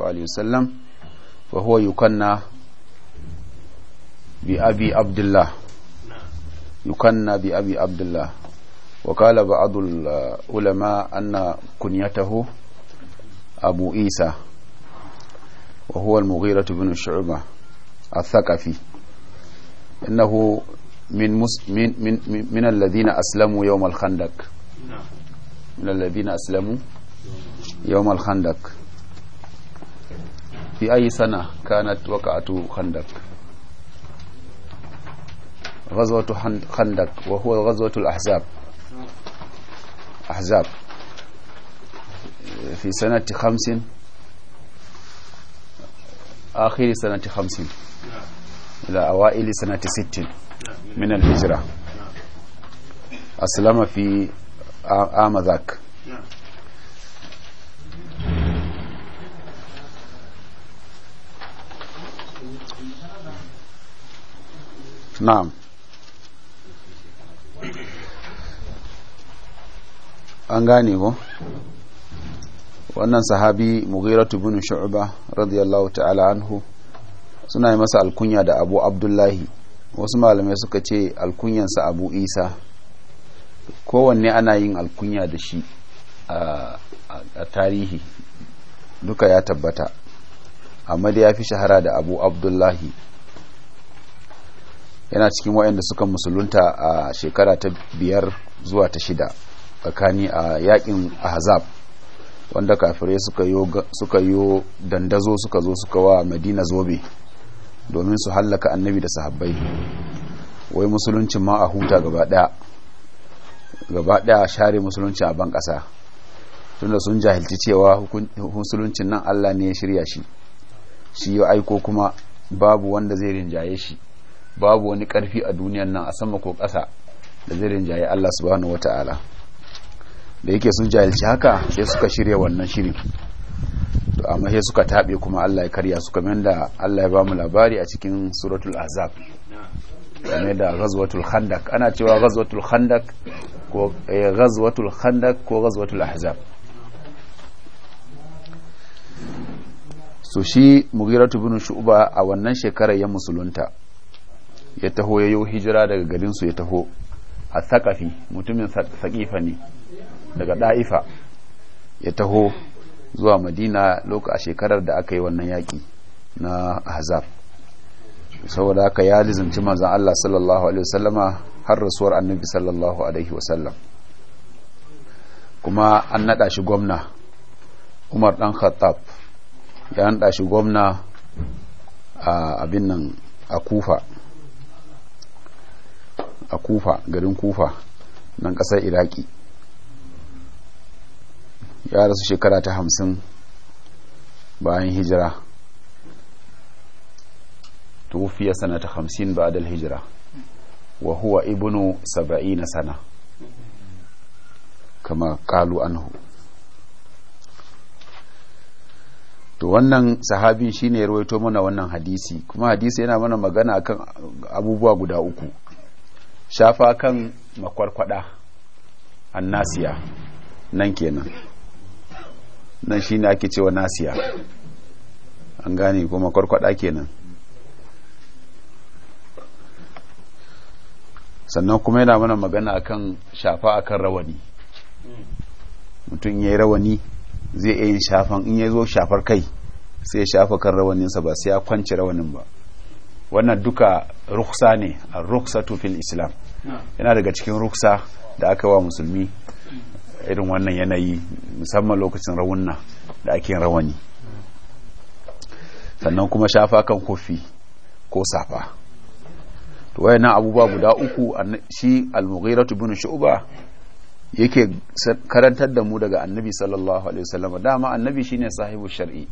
وآله وسلم فهو يكنى بأبي عبد الله يكنى بأبي عبد الله وقال بعض العلماء أن كنيته أبو إيسى وهو المغيرة بن الشعبة الثقفي إنه من, من, من, من الذين أسلموا يوم الخندق نعم. من الذين أسلموا يوم الخندق في أي سنة كانت وقعة خندق غزوة خندق وهو غزوة الأحزاب أحزاب في سنة خمس آخر سنة خمس إلى أوائل سنة ست من الهجرة أسلم في آم ذاك na'am an gane ko wannan sahabi mughiratu bin shu'ba radiyallahu ta'ala anhu suna yi masa alkunya da abu abdullahi wasu malamai suka ce alkunyansa abu isa kowanne ana yin alkunya da shi a tarihi duka ya tabbata amma da ya fi shahara da abu abdullahi yana cikin da suka musulunta a shekara ta biyar zuwa ta shida tsakani a yakin ahzab wanda kafirai suka yi dandazo suka zo suka wa madina zobe domin su hallaka annabi da sahabbai wai musuluncin ma a huta gaba daya a share musuluncin a ban kasa tunda sun jahilci cewa musuluncin nan Allah ne ya shirya shi shi ya aiko kuma babu wanda zai rinjaye shi babu wani karfi a duniyan nan a sama ko ƙasa da zai rinjaye Allah subhanahu wata'ala da yake sun jahilci haka sai suka shirya wannan shirin. to amma sai suka tabe kuma Allah ya karya suka kamar da Allah ya ba mu labari a cikin suratul azab game da ghazwatul khandak ana cewa ghazwatul khandak ko eh, ghazwatul khandak ko ghazwatul ahzab so shi mugiratu bin shu'ba a wannan shekarar ya musulunta ya taho ya yi hijira daga garinsu ya taho a sakafi mutumin saƙifa ne daga ɗa'ifa ya taho zuwa madina a shekarar da aka yi wannan yaƙi na ahzab saboda haka ya lizanci manzan Allah sallallahu alaihi wasallama har rasuwar annabi sallallahu alaihi wasallam kuma an naɗa shi gwamna umar ɗan khattab ya naɗa shi gwamna a abin nan a kufa a kufa garin kufa nan kasar iraki ya rasu shekara ta hamsin bayan hijira tufiya ta hamsin ba adal hijira wa huwa ibnu na sana kama kalu anhu to wannan sahabin shine ya rawaito mana wannan hadisi kuma hadisi yana mana magana akan abubuwa guda uku shafa kan makwarkwada nasiya nan kenan nan shi ne ake cewa nasiya an gane ko makwarkwada kenan sannan kuma yana mana magana akan shafa akan rawani mutum ya yi rawani zai iya yin shafan in ya zo shafar kai sai ya shafa kan rawaninsa ba sai ya kwanci rawanin ba wannan duka ruksa ne a ruksatu fil islam yana daga cikin ruksa da aka wa musulmi irin wannan yanayi musamman lokacin rawunna da ake rawani sannan kuma shafa kan kofi ko safa to wayannan abubuwa guda uku shi al-mughiratu bin shu'ba yake karantar da mu daga annabi sallallahu alaihi wasallam dama annabi shine sahibu shar'i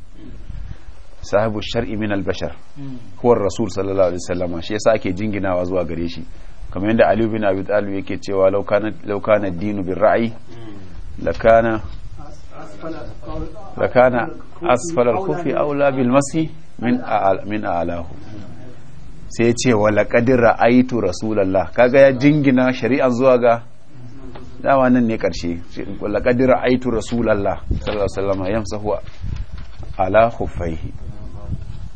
sahibu shar'i min al-bashar hmm. huwa rasul sallallahu alaihi wasallam shi yasa ake jinginawa zuwa gare shi kamar yadda Ali bin Abi Talib yake cewa law kana dinu bir ra'i hmm. lakana lakana asfal al-kufi aula bil masi min min alahu sai ce wa laqad ra'aytu rasulullah kaga ya jingina shari'an zuwa ga dawa nan ne karshe laqad ra'aytu rasulullah sallallahu alaihi wasallam yamsahu ala khuffaihi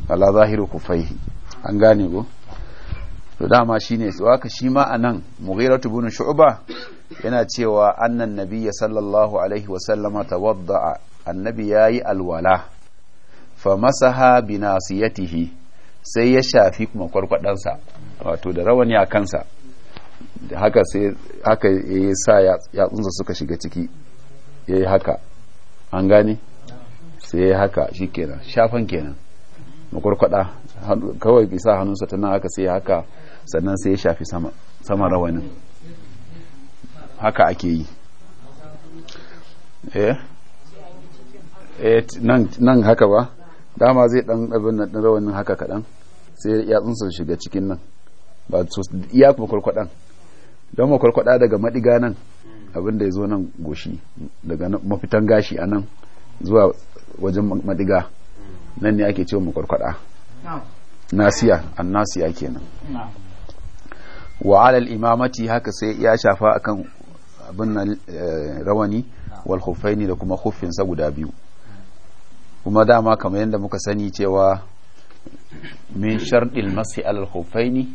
ala zahiru kufaihi an gane go to dama shine su haka shi ma anan mughiratu ibn shu'ba yana cewa annan nabiyya sallallahu alaihi wa sallama tawadda'a annabi yayi alwala fa masaha bi nasiyatihi sai ya shafi kuma sa wato da rawani a kansa haka sai haka yayi sa ya yatsunsa suka shiga ciki yayi haka an gane sai haka shikenan shafan kenan makwarkwada kawai bisa hannunsa tana aka sai haka sannan sai ya shafi sama rawanin haka ake yi eh, eh nan haka ba dama zai dan abin na rawanin haka kadan sai yatsunsa shiga cikin nan ba su iya makwarkwadan don makwarkwada daga madiga nan abin da ya zo nan goshi daga mafitan gashi a nan zuwa wajen madiga nan ne ake cewa makwarkwada nasiya annasiya kenan wa alal imamati haka sai ya shafa akan abin nan eh, rawani wal khuffaini da kuma khuffin sa guda biyu kuma dama kamar yadda muka sani cewa min shardil masi alal khuffaini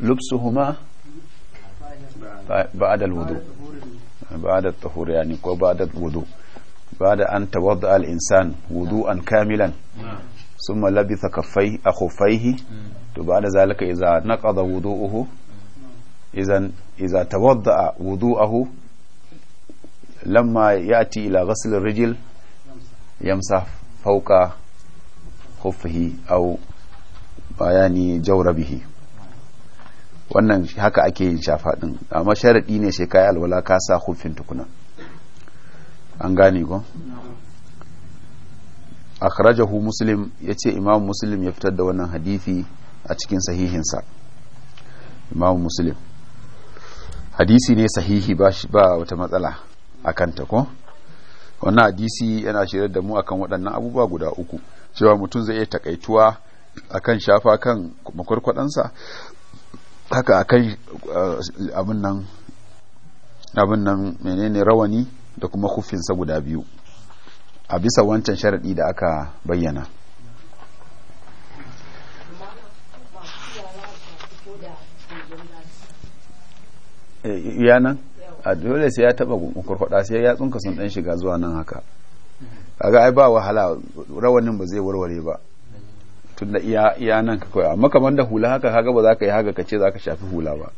lubsuhuma ba'da al-wudu ba'da al tahur yani ko ba'da al-wudu بعد أن توضأ الإنسان وضوءا كاملا ثم لبث كفيه أخفيه بعد ذلك إذا نقض وضوءه إذا إذا توضأ وضوءه لما يأتي إلى غسل الرجل يمسح فوق خفه أو يعني جوربه wannan haka ake yin shafa din amma sharadi ne sai kai alwala ka sa huffin tukuna an gane ko karajahu muslim ya ce imam muslim ya fitar da wannan hadisi a cikin sahihinsa imam muslim hadisi ne sahihi ba ba wata matsala a kanta ko wannan hadisi yana shirar da mu akan waɗannan abubuwa guda uku cewa mutum zai iya takaituwa akan shafa kan makwarkwadansa haka akan eh, abin abin nan menene rawani da kuma hufinsa guda biyu a bisa wancan sharaɗi da aka bayyana eh, yanan a dole sai ya taba kurkwada sai ya tsunka sun dan shiga zuwa nan haka kaga ai ba wahala rawanin ba zai warware ba tunda iya iya nan ka amma kamar da hula haka kaga ba za ka yi haka ka ce za ka shafi hula ba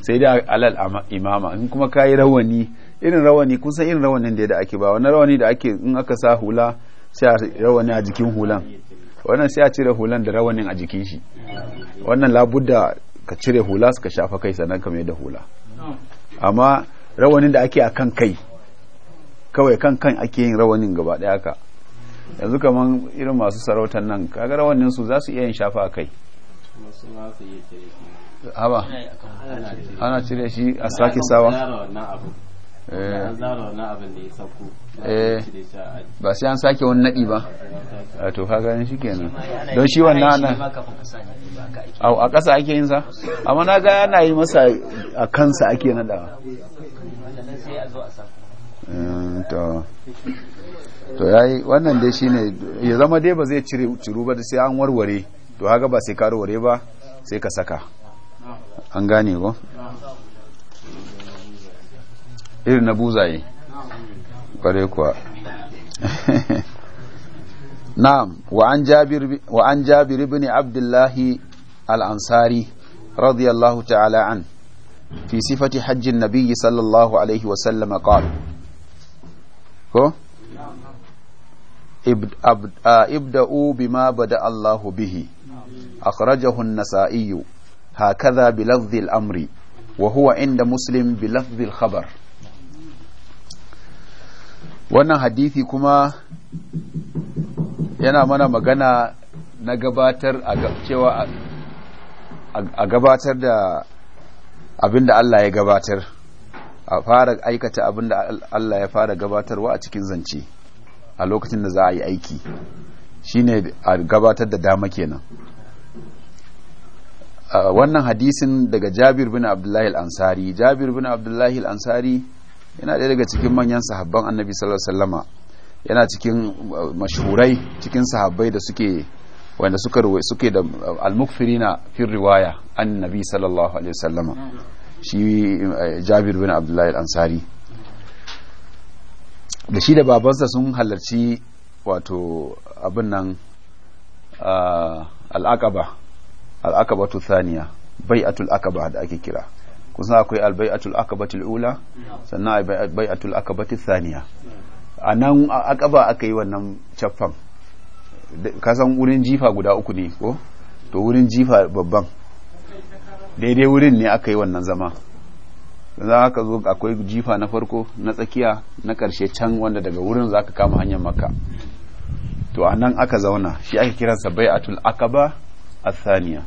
sai dai alal imama in kuma ka yi rawani irin rawani kun san irin rawanin da ake ba wani rawani da ake in aka sa hula sai a rawani a jikin hulan wannan sai a cire hulan da rawanin a jikin shi wannan labudda ka cire hula suka shafa kai sannan ka mai da hula amma rawanin da ake a kan kai kawai kan kan ake yin rawanin gaba daya ka yanzu kaman irin masu sarautar nan kaga rawanin su za su iya yin shafa kai haba ana cire shi a sake sawa Eh. Eh. ba sai an sake wani naɗi ba a to kaga shi kenan don shi wannan ana au a ƙasa ake yin sa amma na ga yana yi masa a kansa ake ba eh, to to yayi wannan dai shine ya zama dai ba zai cire ciru ba da sai an warware to haka ba sai karware ba sai ka saka an gane ko irin na buzaye kware kuwa na'am wa an jabir wa ibn abdullah al-ansari radiyallahu ta'ala an fi sifati hajji nabiyyi sallallahu alaihi wa sallam qala ko ابدأوا بما بدأ الله به أخرجه النسائي هكذا بلفظ الأمر وهو عند مسلم بلفظ الخبر wannan hadithi kuma yana mana magana na gabatar a cewa a gabatar da abinda Allah ya gabatar a fara aikata abinda Allah ya fara gabatarwa a cikin zance a lokacin da za a yi aiki shine a gabatar da dama kenan wannan hadisin daga Jabir bin Abdullahi al-Ansari Jabir bin Abdullahi al-Ansari yana ɗaya daga cikin manyan sahabban annabi sallallahu alaihi wasallama yana cikin uh, mashhurai cikin sahabbai da suke wanda suka suke da uh, al-mukfirina fi riwaya annabi sallallahu alaihi wasallama shi uh, Jabir bin Abdullahi al-Ansari da shi da babansa sun halarci wato abin nan al'aqaba al'aqabatu thaniya bai'atul aqaba da ake kira kusan akwai albai'atul akabatul ula sannan albai'atul akabatul thaniya a nan akaba aka yi wannan caffan kasan wurin jifa guda uku ne ko to wurin jifa babban daidai wurin ne aka yi wannan zama za ka zo akwai jifa na farko na tsakiya na ƙarshe can wanda daga wurin za ka kama hanyar maka to a nan aka zauna shi ake kiransa bai'atul akaba a saniya.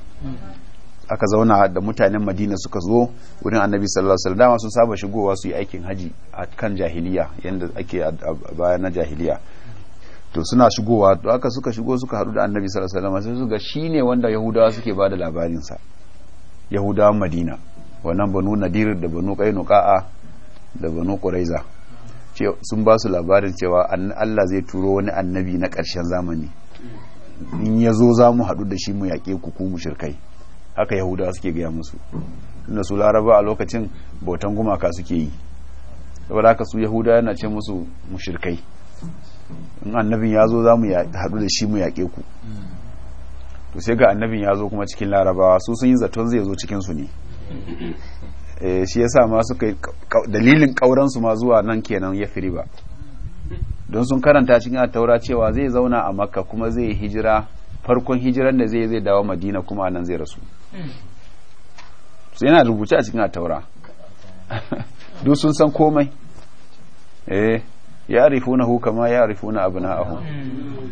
aka zauna da mutanen madina suka zo wurin annabi sallallahu alaihi wasallam sun saba shigowa su yi aikin haji a kan jahiliya yanda ake baya na jahiliya to suna shigowa to aka suka shigo suka haɗu da annabi sallallahu alaihi wasallam sai ga shine wanda yahudawa suke bada labarin sa yahudawan madina wannan banu nadir da banu qainuqa'a da banu quraiza sun ba su labarin cewa Allah zai turo wani annabi na karshen zamani in ya zo za mu haɗu da shi mu yaƙe ku ku shirkai. haka yahudawa suke gaya musu inda su laraba a lokacin bautan gumaka suke yi saboda haka su yahuda yana ce musu mushirkai in annabin ya zo za mu haɗu da shi mu yaƙe ku to sai ga annabin ya zo kuma cikin larabawa su sun yi zaton zai zo cikinsu ne eh, shi ya sa masu kai dalilin ƙauransu ma zuwa nan kenan ya firi ba don sun karanta cikin a taura cewa zai zauna a makka kuma zai hijira farkon hijiran da zai zai dawo madina kuma nan zai rasu su yana rubuce a cikin taura duk sun san komai eh ya rifunahu kama ya rifuna abna'ahum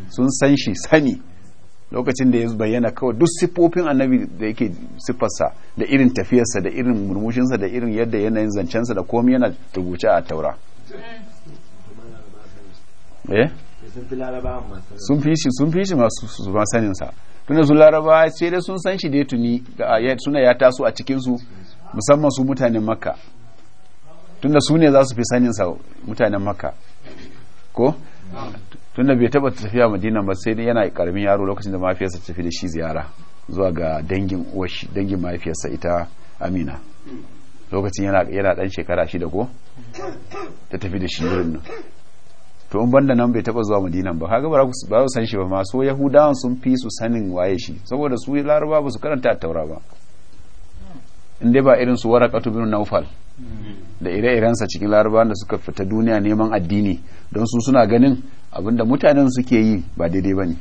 sun san shi sani lokacin da ya bayyana kawai duk siffofin annabi da yake siffarsa da irin tafiyarsa da irin murmushinsa da irin yadda yanayin zancensa da komai yana rubuce a taura eh sun fi shi sun fi shi masu su ba sanin sa tunda su laraba sai dai sun san shi dai tuni suna ya taso a cikin su musamman su mutanen makka tunda su ne za su fi sanin sa mutanen makka ko tunda bai taba tafiya madina ba sai yana karamin yaro lokacin da mafiyarsa tafi da shi ziyara zuwa ga dangin uwashi dangin mafiyarsa ita amina lokacin yana yana dan shekara shida ko ta tafi da shi wurin to in banda nan bai taba zuwa madinan ba kaga ba za su san shi ba masu yahudawan sun fi su sanin waye shi saboda su laraba ba su karanta taura ba in dai ba irin su warakatu bin naufal da ire sa cikin laraba da suka fita duniya neman addini don su suna ganin abinda mutanen suke yi ba daidai ba ne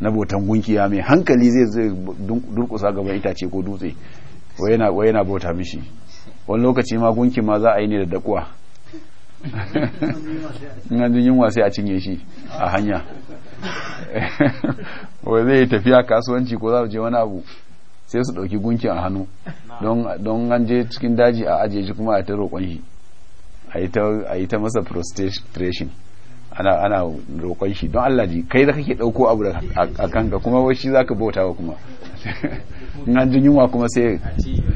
na botan gunkiya mai hankali zai zai durkusa gaban itace ko dutse wai yana bauta mishi wani lokaci ma gunki ma za a yi ne da dakuwa ina an jin yunwa sai a cinye shi a hanya wai zai tafiya kasuwanci ko za je wani abu sai su ɗauki gunki a hannu don an je cikin daji a ajiye shi kuma a ta roƙon shi a yi ta masa prostration ana roƙon shi don Allah ji kai da kake ɗauko abu a kanka kuma wai shi ka bauta wa kuma in an jin yunwa kuma sai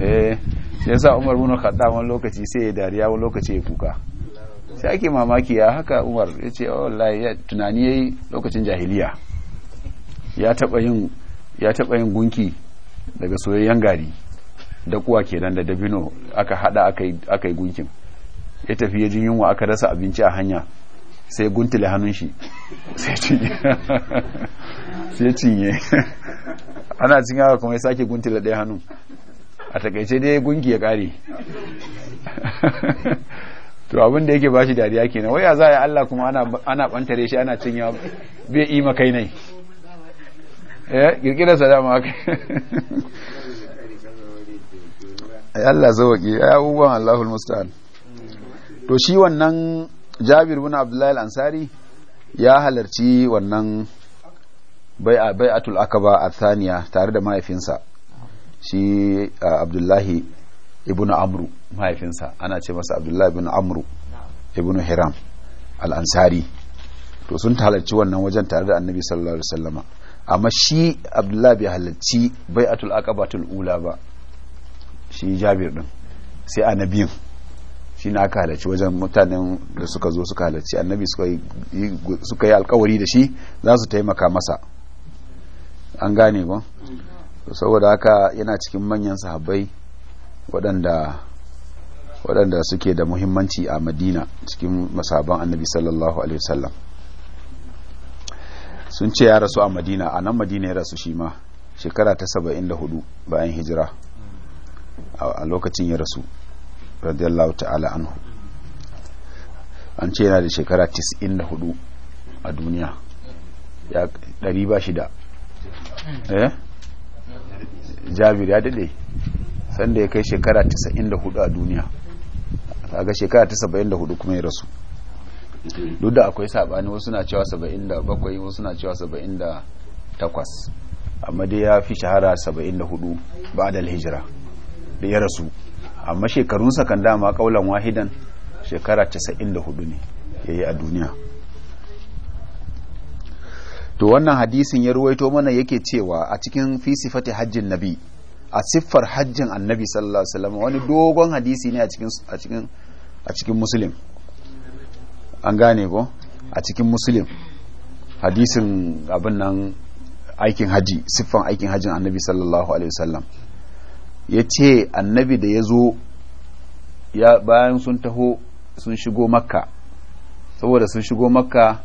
eh sai sa Umar bin Khattab wani lokaci sai ya dariya wani lokaci ya kuka sai ake mamaki ya haka umar ya ce oh, wallahi tunani ya yi lokacin jahiliya ya taɓa yin gunki daga soyayyen gari da kuwa kenan da dabino aka hada aka yi gunkin ya tafi ya ji yunwa aka rasa abinci a hanya sai guntule hannun shi sai cinye ana cin haka kuma ya sake guntule ɗaya hannun a takaice dai gunki ya ƙare to abin da yake bashi dariya kenan waya za a yi Allah kuma ana bantare shi ana cinya bai yi makai nai eh kirkira dama haka ai Allah zawaki ai abubuwan Allahul musta'an to shi wannan Jabir bin Abdullahi al'ansari ansari ya halarci wannan bai'atul akaba a thaniya tare da mahaifinsa shi ah, Abdullahi ibn Amru mahaifinsa ana ce masa abdullahi bin amru ibn hiram al'ansari to sun halarci wannan wajen tare da annabi sallallahu alaihi wasallama amma shi abdullahi bai halarci bai aqabatul ula ba shi jabir din sai annabiyin shi na aka halarci wajen mutanen da suka zo suka halarci annabi suka yi alkawari da shi za su taimaka masa an gane ba saboda haka yana cikin manyan sahabbai waɗanda waɗanda suke da muhimmanci a madina cikin masaban annabi sallallahu alaihi wasallam sun ce ya rasu a madina a nan madina ya rasu shi ma shekara ta 74 bayan hijira a lokacin ya rasu radiyallahu ta'ala anhu an ce yana da shekara 94 a duniya ya ɗari ba shida eh jabir ya dade sanda ya kai shekara 94 a duniya ga shekara ta 74 kuma ya rasu duk da akwai sabani wasu na cewa 77 wasu na cewa 78 amma dai ya fi shahara 74 ba da hijira da ya rasu amma shekarunsa kan dama kaulan wahidan shekara 94 ne ya yi a duniya to wannan hadisin ya ruwaito mana yake cewa a cikin fi sifati hajjin nabi a siffar hajjin annabi sallallahu alaihi wasallam wani dogon hadisi ne a cikin a cikin a cikin muslim an gane ko a cikin muslim hadisin abin nan aikin haji siffan aikin hajjin annabi sallallahu alaihi wasallam ya ce annabi da ya zo bayan sun taho sun shigo makka saboda sun shigo makka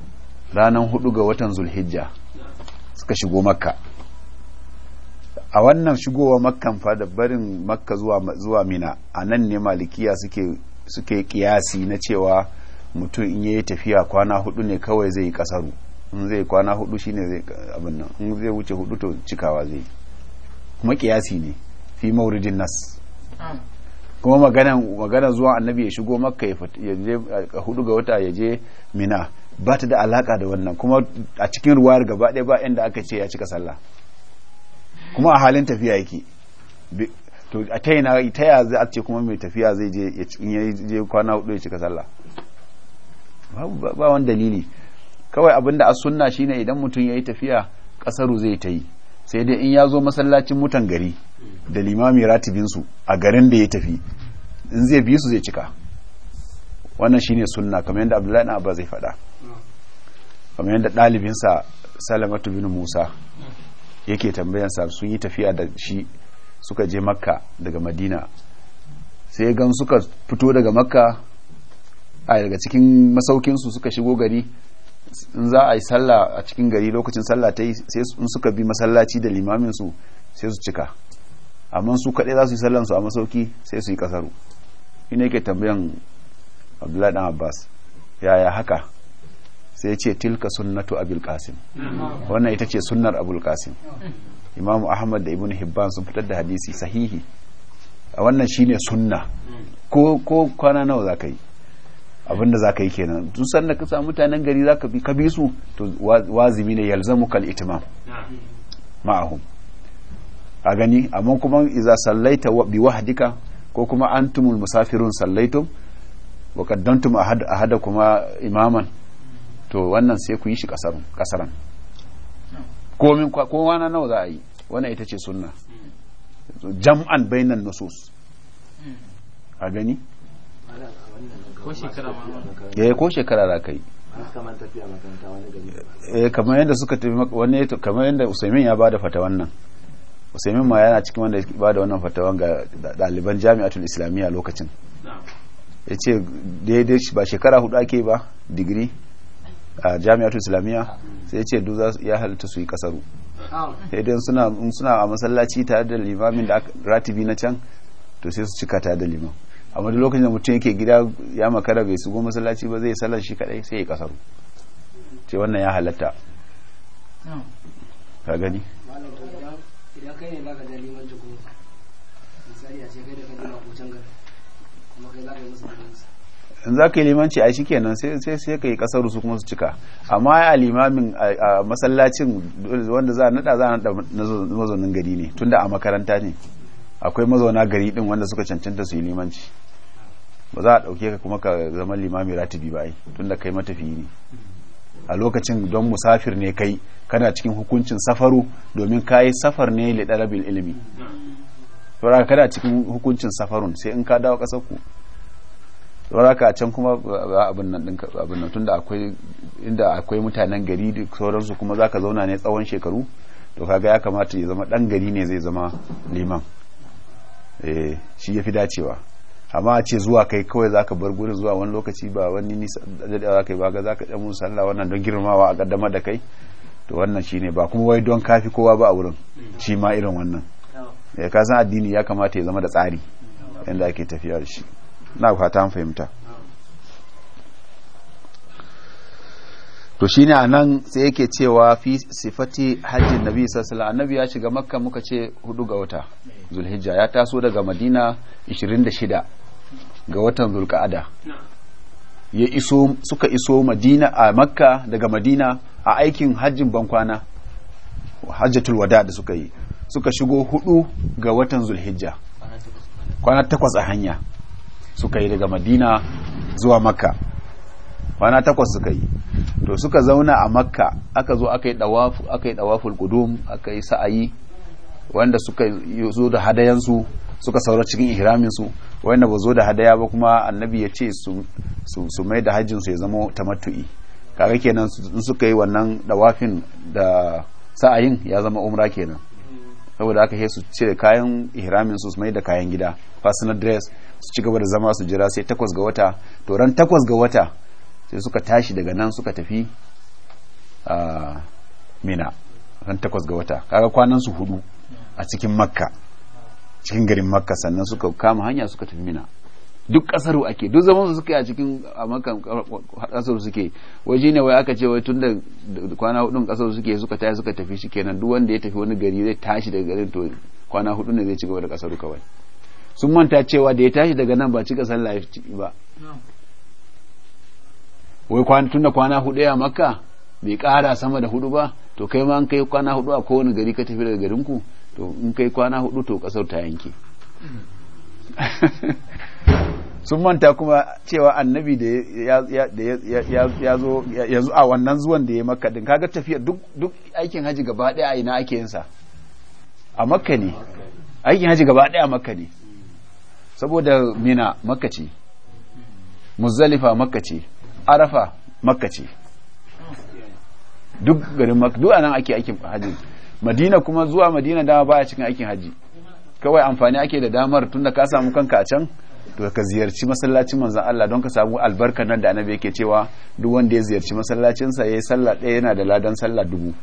ranar hudu ga watan zulhijja suka shigo makka a wannan shigowa makkan fa barin makka zuwa zuwa mina a nan ne malikiya suke suke kiyasi na cewa mutum in yayi tafiya kwana hudu ne kawai zai kasaru in zai kwana hudu shine zai abin in zai wuce hudu to cikawa zai kuma kiyasi ne fi mauridin nas kuma maganan zuwa annabi ya shigo makka ya hudu ga wata ya je mina ba ta da alaka da wannan kuma a cikin ruwa gaba ɗaya ba inda aka ce ya cika sallah kuma a halin tafiya yake to a ta yana ya za ce kuma mai tafiya zai je ya je kwana hudu ya cika sallah ba wani dalili kawai abinda a sunna shine idan mutum yayi yi tafiya kasaru zai ta yi sai dai in ya zo masallacin mutan gari da limami su a garin da ya tafi in zai bi su zai cika wannan shine sunna kamar yadda abdullahi na abba zai faɗa kamar yadda ɗalibinsa salamatu bin musa yake tambayansa sun yi tafiya da shi suka je makka daga madina sai gan suka fito daga makka a daga cikin masaukinsu suka shigo gari in za a yi sallah a cikin gari lokacin sallah ta yi sai in suka bi masallaci da limaminsu sai su cika amma su kaɗai za su yi sallansu a masauki sai su yi ƙasaru ina yake tambayan abdullahi dan abbas yaya haka sai ya ce tilka sunnatu abul qasim wannan ita ce sunnar abul qasim imam ahmad da ibnu hibban sun fitar da hadisi sahihi a wannan shine sunna ko ko kwana nawa zaka yi abinda zaka yi kenan tun sannan ka samu mutanen gari zaka bi ka bi su to wazimi ne yalzamu kal itimam ma'ahum a gani amma kuma iza sallaita bi wahdika ko kuma antumul musafirun sallaitum wa qaddantum ahad kuma imaman to wannan sai ku yi shi kasaran komin kowa na nawa za a yi wannan ita ce sunna jam'an bainan nusus a gani ya eh, ko shekara za ka yi kamar eh, yadda suka tafi wani kamar yadda usaimin ya bada fata wannan usaimin ma yana cikin wanda ba da wannan fatawan ga ɗaliban jami'atul islamiyya lokacin ya ce daidai ba shekara hudu ake ba digiri a jami'atu islamiyya sai ce duk za ya halitta su yi kasaru idan suna suna a masallaci tare da limamin da ratibi na can to sai su cika tare da limam amma duk lokacin da mutum yake gida ya makara bai su goma masallaci ba zai sallar shi kadai sai ya kasaru ce wannan ya halatta ka gani idan kai ne za ka misali a ce kai da kuma kai za ka yi masa in za ka yi limanci a shi kenan sai sai ka yi kasar su kuma su cika amma a limamin a masallacin wanda za a nada za a nada mazaunin gari ne tunda a makaranta ne akwai mazauna gari din wanda suka cancanta su yi limanci ba za a dauke ka kuma ka zama limamin ratibi ba ai tunda kai matafiyi ne a lokacin don musafir ne kai kana cikin hukuncin safaru domin ka yi safar ne da ilimi. ilimi kada cikin hukuncin safarun sai in ka dawo kasar ku saboda ka can kuma ba abin nan abin nan tunda akwai inda akwai mutanen gari da sauransu kuma zaka zauna ne tsawon shekaru to kaga ya kamata ya zama dan gari ne zai zama liman eh shi yafi dacewa amma a ce zuwa kai kawai zaka bar gurin zuwa wani lokaci ba wani nisa da kai ba ga zaka dan musu sallah wannan don girmawa a kaddama da kai to wannan shine ba kuma wai don kafi kowa ba a wurin shi ma irin wannan eh, ka san addini ya kamata ya zama da tsari yadda ake tafiya da shi na fata fahimta to shi ne a nan sai yake cewa fi sifati hajjin nabi sassala annabi ya shiga makka muka ce hudu ga wata zulhijja ya taso daga madina 26 ga watan zulka'ada ya iso suka iso madina a makka daga madina a aikin hajjin bankwana hajjatul wada da suka yi suka shigo hudu ga watan zulhijja kwana takwas a hanya suka yi daga madina zuwa makka kwana takwas suka yi to suka zauna a makka aka zo aka yi dawafu aka dawaful qudum aka yi sa'ayi wanda suka zo da hadayansu suka saura cikin ihramin su wanda ba zo da hadaya ba kuma annabi ya ce su mai da hajjin su ya zama tamattu'i kaga kenan suka yi wannan dawafin da sa'ayin ya zama umra kenan saboda aka he su cire kayan ihramin su mai da kayan gida personal dress su ci gaba da zama su jira sai takwas ga wata to ran takwas ga wata sai suka tashi daga nan suka tafi a mina ran takwas ga wata kaga kwanan su hudu a cikin makka cikin garin makka sannan suka kama hanya suka tafi mina duk kasaru ake duk zaman su suke a cikin a makan kasar suke waje ne wai aka ce wai tun da kwana hudu kasar suke suka tafi suka tafi shi kenan duk wanda ya tafi wani gari zai tashi daga garin to kwana hudu ne zai ci gaba da kasaru kawai sun manta cewa da ya tashi daga nan ba ci kasar life ba wai kwana tun da kwana hudu ya makka bai kara sama da hudu ba to kai ma an kai kwana hudu a kowane gari ka tafi daga garinku to in kai kwana hudu to kasar ta yanke sun manta kuma cewa annabi da ya zo a wannan zuwan da ya maka din kaga tafiya duk aikin haji gaba daya a ina ake yinsa a makka ne aikin haji gaba daya a makka ne saboda mina makka ce makaci makka ce arafa makka ce duk garin makka duk anan ake aikin haji madina kuma zuwa madina dama baya cikin aikin haji kawai amfani ake da damar tunda ka samu kanka a can to ka ziyarci masallacin manzon Allah don ka samu albarkar nan da annabi yake cewa duk wanda ya ziyarci masallacinsa yayi sallah ɗaya yana da ladan sallah dubu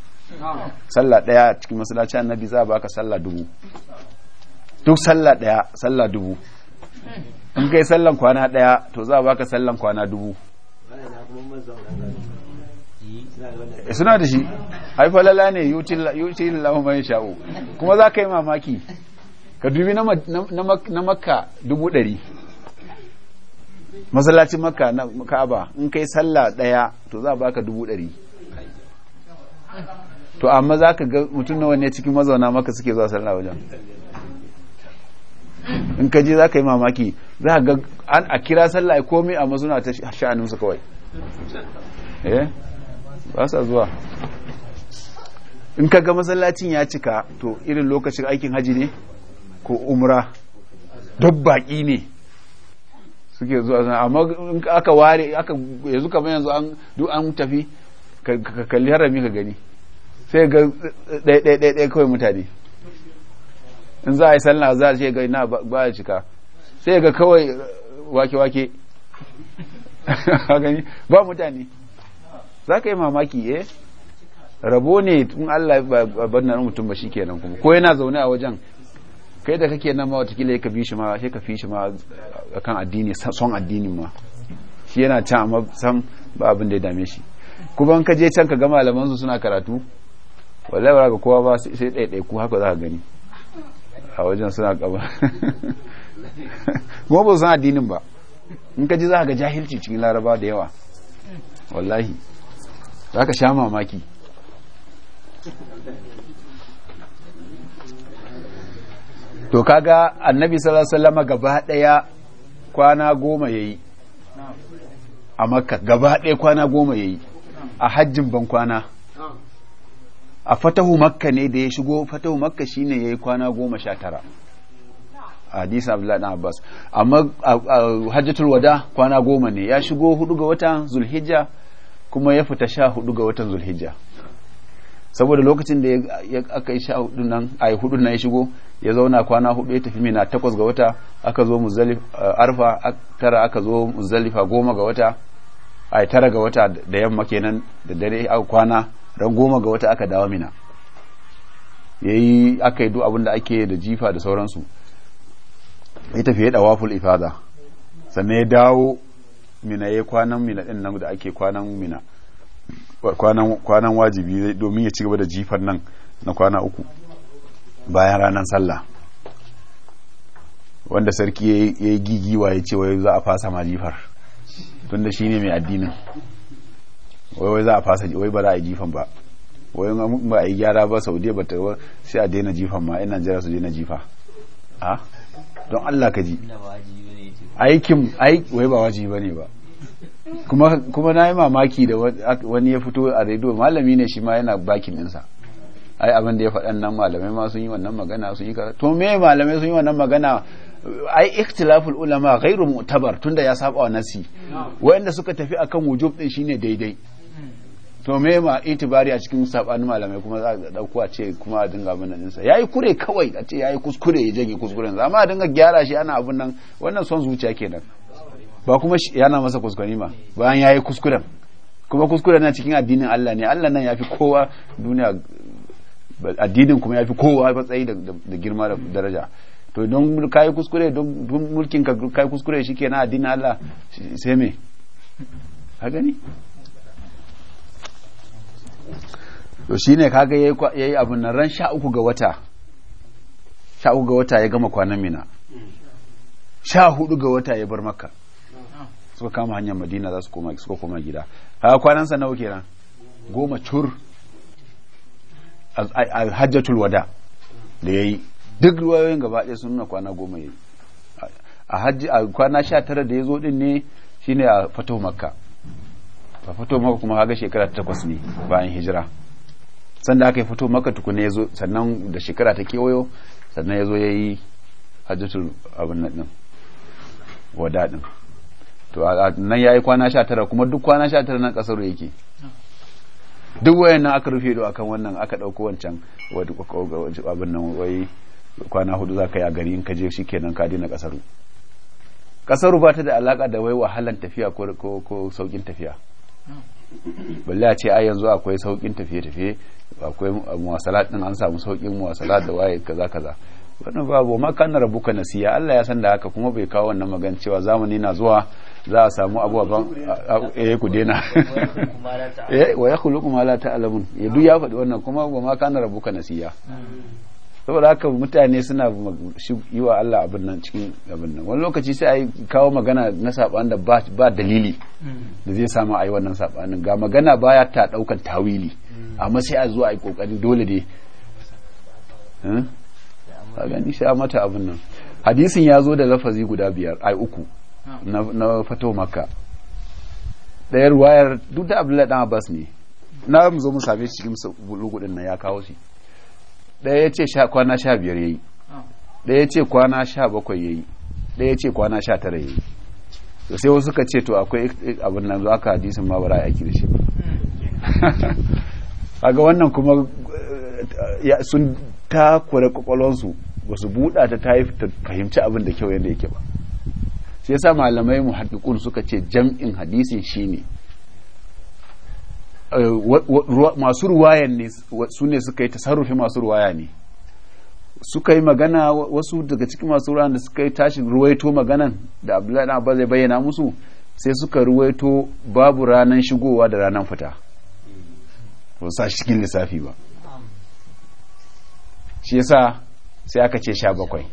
sallah ɗaya cikin masallacin annabi za a baka sallah dubu duk sallah ɗaya sallah dubu in kai sallan kwana ɗaya to za a baka sallan kwana dubu eh, suna da shi haifalala ne yutin lahumar sha'o kuma za ka yi mamaki ka dubi na makka dubu ɗari masallacin makka na ka'aba in kai sallah ɗaya to za a baka dubu ɗari to amma za ka ga mutum na wanne cikin mazauna maka suke zuwa sallah wajen in ka je za ka yi mamaki za ka ga an a kira sallah ya komi amma suna ta sha'aninsu kawai eh ba sa zuwa in ka ga masallacin ya cika to irin lokacin aikin haji ne ko umra duk baƙi ne suke zuwa sana amma in aka ware aka yanzu kamar yanzu an duk an tafi ka kalli harami ka gani sai ga ɗaiɗaiɗaiɗai kawai mutane in za a yi sallah za a ce ga ina ba a cika sai ga kawai wake-wake ba mutane za ka yi mamaki eh rabo ne tun Allah ba bannan mutum ba shi kenan kuma ko yana zaune a wajen kai da kake nan ma watakila ka kafi shi ma shi ka fi shi ma kan addini son addini ma shi yana can amma san ba abin da ya dame shi kuma ka je can ka ga malaman su suna karatu wallahi ba ga kowa ba sai ɗaiɗai ku haka za ka gani a wajen suna kaba kuma ba su san addinin ba in ka ji za ka ga jahilci cikin laraba da yawa wallahi za ka sha mamaki to kaga annabi sallallahu alaihi wasallam gaba daya kwana goma yayi a makka gaba daya kwana goma yayi a hajjin ban kwana a fatahu makka ne da ya shigo fatahu makka shine yayi kwana goma sha tara hadisi abdullahi dan abbas amma hajjatul wada kwana goma ne ya shigo hudu ga watan zulhijja kuma ya fita sha hudu ga watan zulhijja saboda lokacin da ya aka yi nan a hudu nan ya shigo ya zauna kwana hudu ya tafi mina takwas ga wata aka zo eh, arfa tara aka zo muzalifa goma ga wata a tara ga wata da yamma kenan da dare aka kwana ran goma ga wata aka dawo mina yayi aka yi duk abin da ake da jifa da sauransu ya tafi ya dawaful ifada sannan ya dawo mina ya kwanan mina din nan da ake kwanan mina kwanan wajibi domin ya ci gaba da jifan nan na kwana uku bayan ranar sallah wanda sarki ya yi gigiwa ya ce wai za a fasa ma jifar tun da shi ne mai addinin wai wai za a fasa wai ba za a yi jifan ba wai ba a yi gyara ba saudiya ba ta sai a daina jifan ma ina jira su daina jifa ah? don allah ka ji aikin wai ba wajibi ba ne ba kuma na yi mamaki da wani ya fito a rediyo malami ne shi ma yana bakin ɗinsa ai abin da ya faɗan nan malamai ma sun yi wannan magana sun yi to me malamai sun yi wannan magana ai ikhtilaful ulama ghairu mu'tabar tunda ya saba wa nasi wanda suka tafi akan wujub din shine daidai to me ma itibari a cikin sabanin malamai kuma za a dauko a ce kuma a dinga abin din sa yayi kure kawai a ce yayi kuskure ya jage kuskuren amma a dinga gyara shi ana abun nan wannan son zuciya kenan ba kuma yana masa kuskure ma bayan ya yi kuskuren kuma kuskuren na cikin addinin Allah ne Allah nan ya fi kowa duniya addinin kuma ya fi kowa matsayi da girma da daraja to don yi kuskure don mulkin ka kai kuskure shi ke na addinin Allah sai me ka gani to ne kaga yi abin nan ran sha uku ga wata sha uku ga wata ya gama kwanan mina sha hudu ga wata ya bar maka suka kama hanyar madina za su koma suka koma gida haka kwanansa nawa kenan goma cur a wada da ya yi duk ruwayoyin gaba ɗaya sun nuna kwana goma ya yi a hajji a kwana sha tara da ya zo ne shine a fito makka a fito makka kuma haga shekara ta takwas ne bayan hijira sannan aka yi fito maka tukuna ya zo sannan da shekara ta kewayo sannan ya zo ya yi hajjatul abin nan din wada din. to nan ya yi kwana sha tara kuma duk kwana sha tara nan kasar yake duk wayan nan aka rufe do akan wannan aka ɗauko wancan abin nan wai kwana hudu za ka yi a gari in ka je shi kenan ka daina kasar kasar ba ta da alaka da wai wahalan tafiya ko saukin tafiya balle a ce a yanzu akwai saukin tafiye-tafiye akwai muwasalat din an samu saukin muwasalat da waye kaza kaza wannan babu ma rabuka nasiya Allah ya san da haka kuma bai kawo wannan magan cewa zamani na zuwa za a samu abubuwan eh ku dena eh, wa yakhluqu kuma la ta'lamun ya duk ya faɗi wannan kuma wa ma kana rabbuka nasiya saboda haka mutane suna yi wa Allah abin nan cikin abin nan wani lokaci sai a yi kawo magana na saɓan da ba dalili da zai samu ai wannan saɓanin ga magana baya ta ɗaukar tawili amma sai a a yi ƙoƙari dole dai hmm? a gani mata abin nan hadisin ya zo da lafazi guda biyar ai uku na fato makka ɗaya ruwayar duk da abu dan abbas ne na mu zo mu same shi cikin lugudin na ya kawo shi ɗaya ya ce kwana sha biyar ya yi ɗaya ya ce kwana sha bakwai ya yi ɗaya ya ce kwana sha tara ya yi to sai wasu ka ce to akwai abin nan za ka hadisin ma bara za aiki da shi ba kaga wannan kuma eh, sun takura kwakwalonsu ba su buɗa ta ta fahimci abin da kyau yadda yake ba sai sa malamai muhaddiqun suka ce jam'in hadisin shine eh, masu ruwayan ne su ne suka yi tasarrufi masu ruwaya ne suka yi magana wasu daga cikin masu ruwayan da suka yi tashin ruwaito maganan da abdullahi na zai bayyana musu sai suka ruwaito babu ranar shigowa da ranar fita wasu sa cikin lissafi ba shi yasa sai aka ce sha bakwai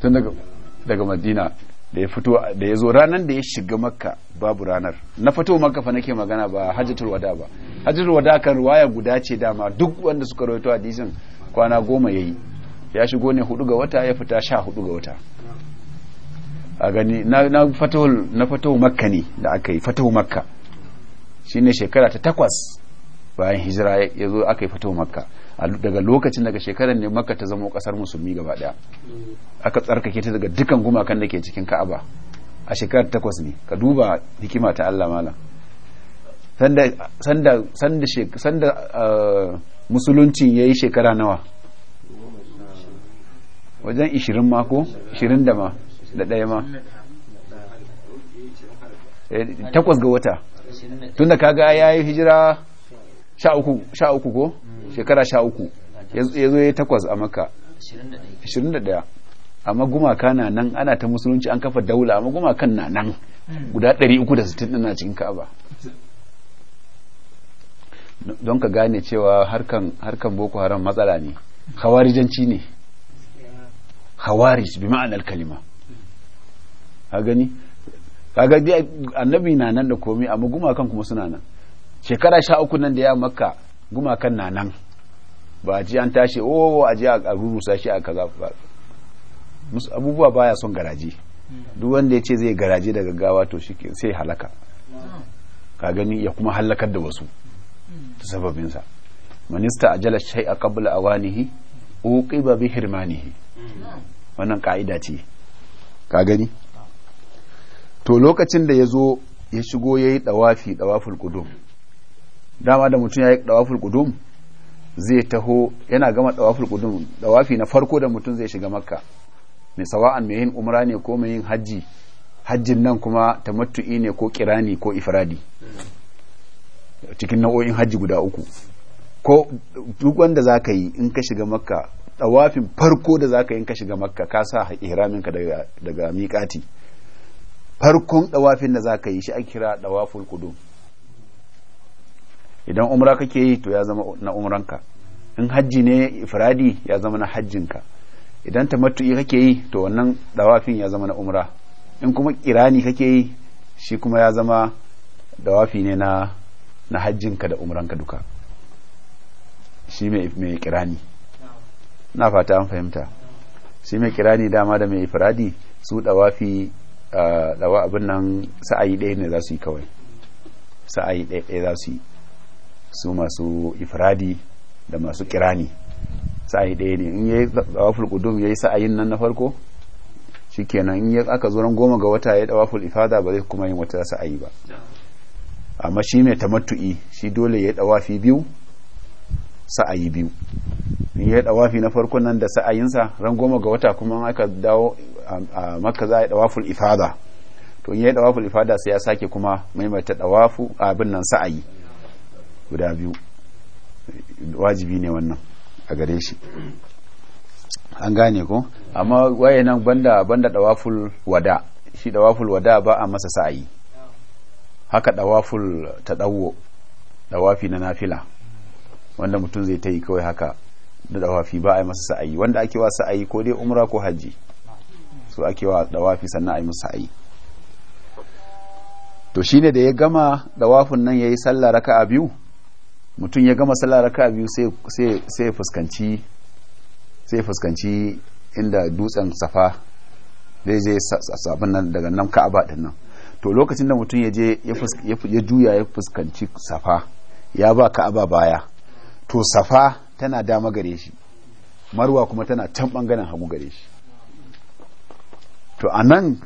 tun daga daga madina da ya fito da ya zo ranar da ya shiga makka babu ranar na fito makka fa nake magana ba hajjatul wada ba hajjatul wada kan ruwaya guda ce dama duk wanda suka rawaito hadisin kwana goma yayi ya shigo ne hudu ga wata ya fita sha hudu ga wata a gani na na na makka ne da aka yi fatahu makka shine shekara ta takwas bayan hijira ya zo aka yi fatahu makka daga lokacin daga shekarar ne makka ta zama kasar musulmi gaba daya aka tsarkake ta daga dukan gumakan da ke cikin ka'aba a shekarar takwas ne ka duba hikima ta Allah malam sanda sanda sanda sanda uh, musulunci yayi shekara nawa wajen 20 mako 20 da ma da daya ma eh, takwas ga wata tunda kaga yayi hijira sha uku ko shekara sha uku ya zo ya takwas a maka 21 amma gumaka na nan ana ta musulunci an kafa daula amma gumakan na nan guda 360 ɗin cikin ka'aba don ka gane cewa harkan boko haram matsala ne hawarijanci ne hawarij bi ma'anar kalima ha gani kaga dai annabi na nan da komai amma gumakan kuma suna nan shekara sha uku nan da ya makka gumakan na nan ba a ji an tashi oh a ji a rurusa shi a kaza abubuwa baya son garaje duk wanda ya ce zai garaje da gawa to shi sai halaka ka gani ya kuma halakar da wasu ta sababinsa manista ajala shai a kabla awanihi ba bi hirmanihi wannan ka'ida ce ka gani to lokacin da ya zo ya shigo ya yi dawafi ɗawafin kudu. dama da mutum ya yi dawaful qudum zai taho yana gama dawaful qudum dawafi na farko da mutum zai shiga makka mai sawa'an mai yin umra ne ko mai yin hajji hajjin nan kuma ta tamattu'i ne ko kirani ko ifradi cikin nau'o'in hajji guda uku ko duk wanda za ka yi in ka shiga makka ɗawafin farko da za ka yi in ka shiga makka ka sa ihraminka daga miƙati farkon ɗawafin da za ka yi shi a kira ɗawafin kudum idan umra kake yi to ya zama na umranka in hajji ne ifradi ya zama na hajjinka idan tamattu'i kake yi to wannan dawafin ya zama na umra in kuma kirani kake yi shi kuma ya zama dawafi ne na na hajjinka da umranka duka shi mai kirani na fata an fahimta shi mai kirani dama da mai ifradi su dawafi ah, dawa abin nan sa'ayi ɗaya ne za su yi kawai sa'ayi ɗaya za su yi su masu ifradi da masu kirani sa'ayi ɗaya ne in yayi tsawaful qudum yayi sa'ayin nan na farko shikenan in ya aka zo ran goma ga wata ya tsawaful ifada ba zai kuma yin wata sa'ayi ba amma shi mai tamattu'i shi dole ya dawafi biyu sa'ayi biyu in ya dawafi na farko nan da sa'ayinsa ran goma ga wata kuma aka dawo a makka za a yi dawaful ifada to in ya dawaful ifada sai ya sake kuma maimaita dawafu abin nan sa'ayi guda biyu wajibi ne wannan a gare shi an gane ko amma waye nan banda banda dawaful wada shi dawaful wada ba a masa sa'ayi haka dawaful tadawwo dawafi na nafila wanda mutum zai ta yi kawai haka da dawafi ba a yi masa sa'ayi wanda ake wa sa'ayi ko dai umra ko hajji su ake wa dawafi sannan a yi masa sa'ayi to shine da ya gama dawafin nan ya yi sallah raka'a biyu mutum ya gama salara raka biyu sai fuskanci inda dutsen safa zai je sabon nan daga nan ka'aba din nan to lokacin da mutum ya je ya juya ya fuskanci safa ya ba ka'aba baya to safa tana dama gare shi marwa kuma tana can ɓangaren hagu gare shi to anan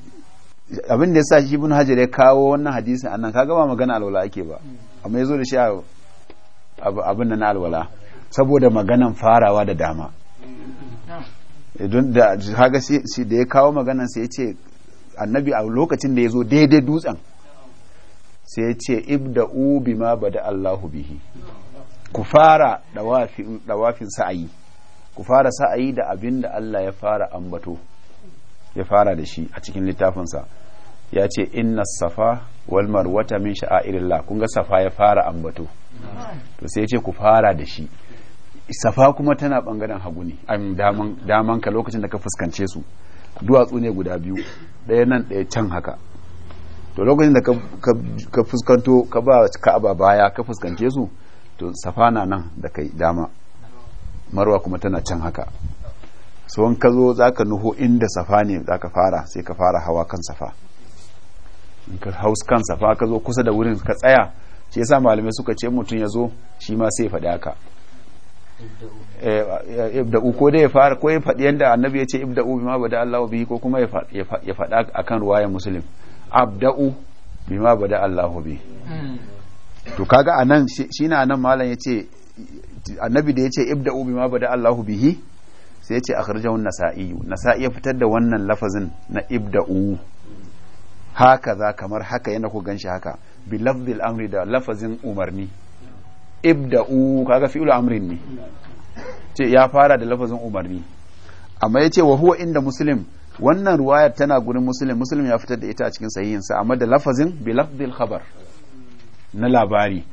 abin da ya sa shi bin hajar ya kawo wannan a nan ka ba magana alwala ake ba amma ya zo da shi abin da na alwala saboda maganan farawa da dama eh, da shi da ya kawo maganan sai ya ce annabi a lokacin da ya zo daidai dutsen sai ya ce ubi ma bada Allahu bihi ku fara dawafin sa'ayi ku fara sa'ayi da abin da Allah ya fara ambato ya fara da shi a cikin littafinsa ya ce inna safa wal marwata min sha'airillah kun ga safa ya fara ambato to sai ya ce ku fara da shi safa kuma tana bangaren hagu ne daman daman ka lokacin da ka fuskance su duwatsu ne guda biyu ɗaya nan ɗaya can haka to lokacin da ka fuskanto ka ba ka'aba baya ka fuskance su to safa na nan da kai dama marwa kuma tana can haka so in ka zo zaka nuho inda safa ne zaka fara sai ka fara hawa kan safa ka haus kansa fa ka zo kusa da wurin ka tsaya shi yasa malamai suka ce mutum ya zo shi ma sai ya faɗi haka eh, u ko dai ya fara ko ya faɗi yadda annabi ya ce Ibda u bima bada Allah bihi ko kuma ya faɗa akan ruwayan muslim u bima bada Allah bihi to kaga anan na anan malam ya ce annabi da ya ce ibda u bima bada Allah bihi sai ce akhrajahu an-nasa'i nasa'i ya fitar da wannan lafazin na Ibda u haka za kamar haka yana ku ganshi haka bi lafzil amri da lafazin umarni ibda'u kaga fi'ul amrin ne ce ya fara da lafazin umarni amma yace wa huwa inda muslim wannan ruwayar tana gurin muslim muslim ya fitar da ita a cikin sahihinsa amma da lafazin bi lafzil khabar na labari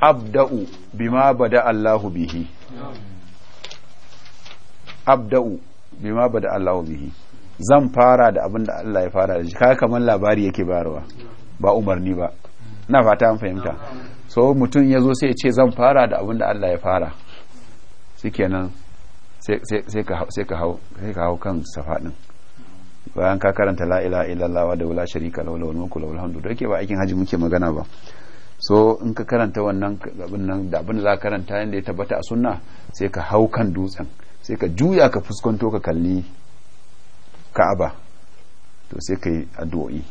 abda'u bima bada Allahu bihi abda'u bima bada Allahu bihi zan fara da abin da Allah ya fara da shi kaga kamar labari yake bayarwa ba umarni ba na fata an fahimta so mutum ya zo sai ya ce zan fara da abin da Allah ya fara shikenan sai ka hau kan safaɗin bayan ka karanta la ilaha illallah wa la sharika lahu wal mulku alhamdu da yake ba aikin haji muke magana ba so in ka karanta wannan abin nan da abin da za ka karanta inda ya tabbata a sunna sai ka hau kan dutsen sai ka juya ka fuskanto ka kalli ka'aba to sai ka yi addu'o'i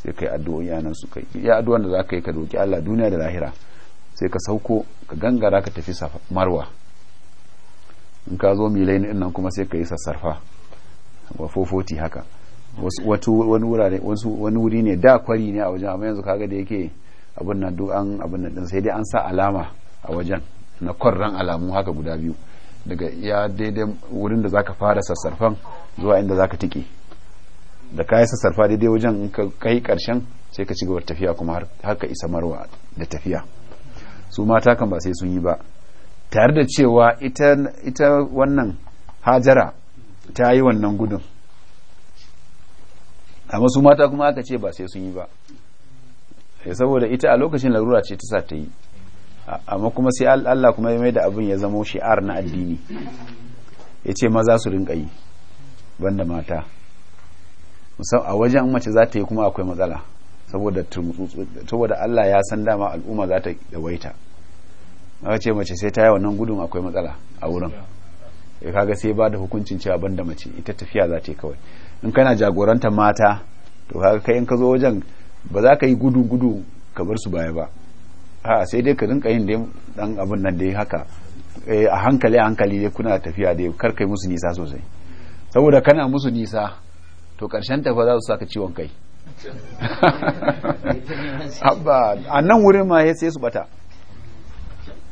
sai ka yi addu'o'i a nan su kai ya addu'an da za ka yi ka doki Allah duniya da lahira sai ka sauko ka gangara ka tafi marwa in ka zo milaini ɗin nan kuma sai ka yi sassarfa wa 440 haka wasu wani wurare wasu wani wuri ne da kwari ne a wajen amma yanzu kaga da yake abin nan duk an abin nan sai dai an sa alama a wajen na kwarran alamu haka guda biyu daga iya daidai wurin da zaka fara sassarfan zuwa inda zaka tike da yi sassarfa daidai wajen in ka kai karshen sai ka cigaba gaba tafiya kuma har isa marwa da tafiya su mata kan ba sai sun yi ba tare da cewa ita ita wannan hajara ta yi wannan gudun amma su mata kuma aka ce ba sai sun yi ba eh, saboda ita a lokacin larura ce ta sa ta yi amma kuma sai Allah kuma ya mai da abin ya zama shi'ar na addini ya ce maza su rinka yi banda mata a wajen mace za ta yi kuma akwai matsala saboda Allah ya san dama al'umma za ta dawaita aka ce mace sai ta yi wannan gudun akwai matsala a wurin ya kaga sai ba da hukuncin cewa banda mace ita tafiya za ta yi kawai in kana jagoranta mata to kaga kai in ka zo wajen ba za ka yi gudu gudu ka bar su baya ba a sai dai ka rinka yin dai dan abin nan dai haka eh, a hankali a hankali dai kuna tafiya dai kar musu nisa sosai saboda kana musu nisa to karshen ta za su saka ciwon kai abba a nan wurin ma sai su bata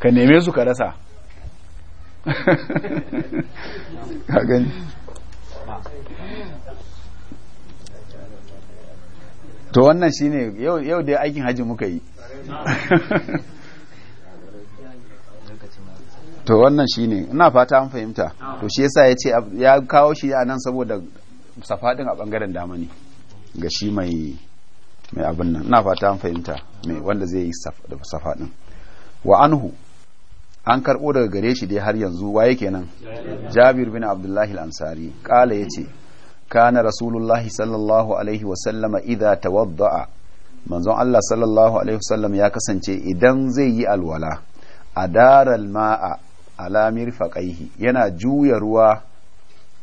ka neme su ka rasa gani to wannan shine yau dai aikin hajji muka yi to wannan shine ina fata an fahimta to shi yasa ya ce ya kawo shi a nan saboda safadin a bangaren dama ne ga shi mai mai abin nan ina fata an fahimta mai wanda zai yi safadin wa anhu an karɓo daga gare shi dai har yanzu waye kenan jabir bin abdullahi al-ansari kala yace kana rasulullahi sallallahu alaihi wa sallama idza tawadda'a manzon Allah sallallahu alaihi wasallam ya kasance idan zai yi alwala a daral ma'a ala mirfaqaihi yana juya ruwa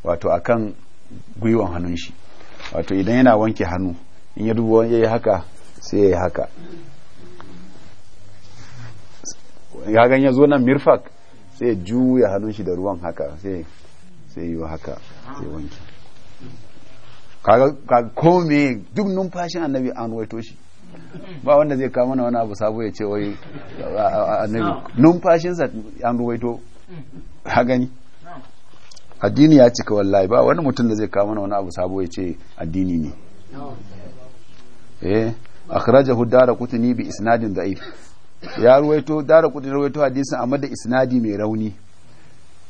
wato akan gwiwon hannun shi wato idan yana wanke hannu in ya dubo yayi haka sai yayi haka ya gan ya zo nan mirfaq sai juya hannun shi da ruwan haka sai sai yi haka sai wanke kaga ko me duk numfashin annabi an waito shi ba wanda zai kawo mana wani abu sabo ya ce wai annabi numfashinsa an ruwaito ha hmm. gani addini ya cika wallahi ba wani mutum da zai kawo mana wani abu sabo ya ce addini ne eh akhrajahu dara kutuni bi isnadin da'if ya ruwaito dara kutni ruwaito hadisin amma da isnadi mai rauni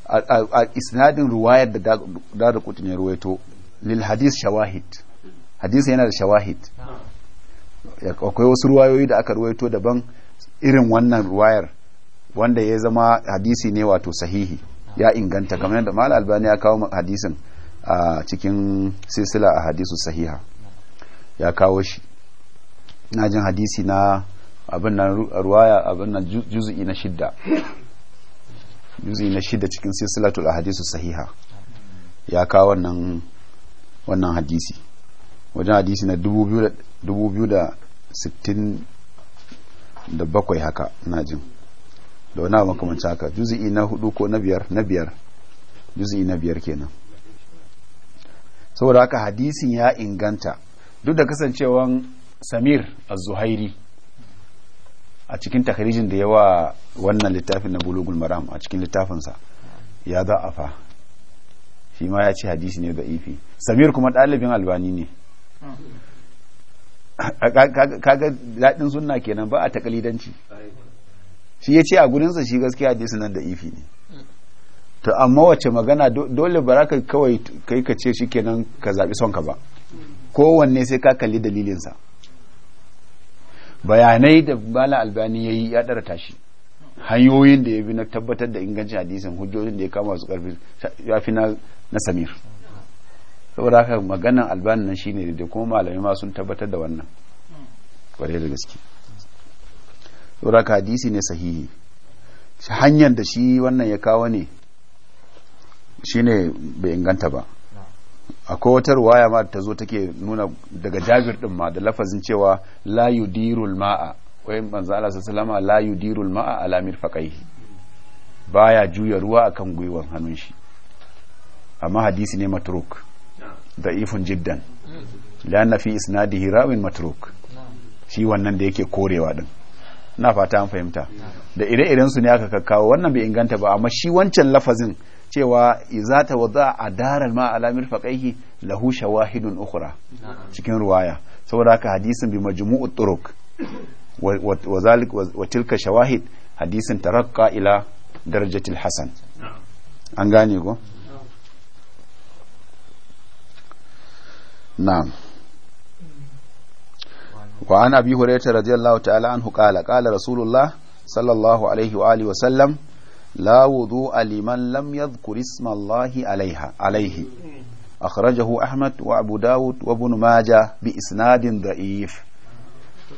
a isnadin ruwayar da dara kutni ruwaito lil hadis shawahid hadisi yana da shawahid akwai wasu ruwayoyi da aka ruwaito daban irin wannan ruwayar wanda ya zama hadisi ne wato sahihi ya inganta kamar yadda mal albani ya kawo hadisin a cikin silsila a hadisu sahiha ya kawo shi na jin hadisi na abin nan ruwaya abin nan juz'i na shidda juz'i na shidda cikin silsilatul hadisu sahiha ya kawo wannan wannan hadisi wajen hadisi na da. 67 haka na jin da wani abin kamar haka juzi'i na hudu ko na biyar na biyar juzi'i na biyar kenan saboda haka hadisin ya inganta duk da kasancewan samir az-zuhairi a cikin takarijin da yawa wannan littafin na bulugul maram a cikin littafinsa ya za'afa shi ma ya ce hadisi ne da ifi samir kuma ɗalibin albani ne kaga daɗin sunna kenan ba a takalidanci shi ya ce a gurinsa shi gaskiya hadisi nan da ifi ne to amma wace magana dole ba ka kawai kai ka ce shi kenan ka zaɓi son ka ba kowanne sai ka kalli dalilinsa bayanai da bala albani ya yi ya ɗara tashi hanyoyin da ya bi na tabbatar da ingancin hadisin hujjojin da ya kama su ƙarfi ya fi na samir saboda haka maganan albani nan shine da kuma malamai ma sun tabbatar da wannan kwarai da gaske saboda haka hadisi ne sahihi hanyar da shi wannan ya kawo ne shine bai inganta ba akwai wata waya ma ta zo take nuna daga jabir din ma da lafazin cewa la yudirul ma'a wai manzo Allah sallama la yudirul ma'a faƙai ba baya juya ruwa akan gwiwan hannun shi amma hadisi ne matruk da'ifun jiddan yanafi fi isnadihi rawin matruk shi wannan da yake korewa din na fata an fahimta da ire-iren su ne aka kakkawo wannan bai inganta ba amma shi wancan lafazin cewa iza ta a daral ma alamir faƙaihi lahu shawahidun ukhra cikin ruwaya saboda haka hadisin bi majmu'ut turuk wa zalik wa tilka shawahid hadisin tarakka ila darajatil hasan an gane ko na'am wa an abi hurairah radiyallahu ta'ala anhu qala qala rasulullah sallallahu alaihi wa alihi wa sallam لا وضوء لمن لم يذكر اسم الله عليها عليه أخرجه أحمد وأبو داود وابن ماجة بإسناد ضعيف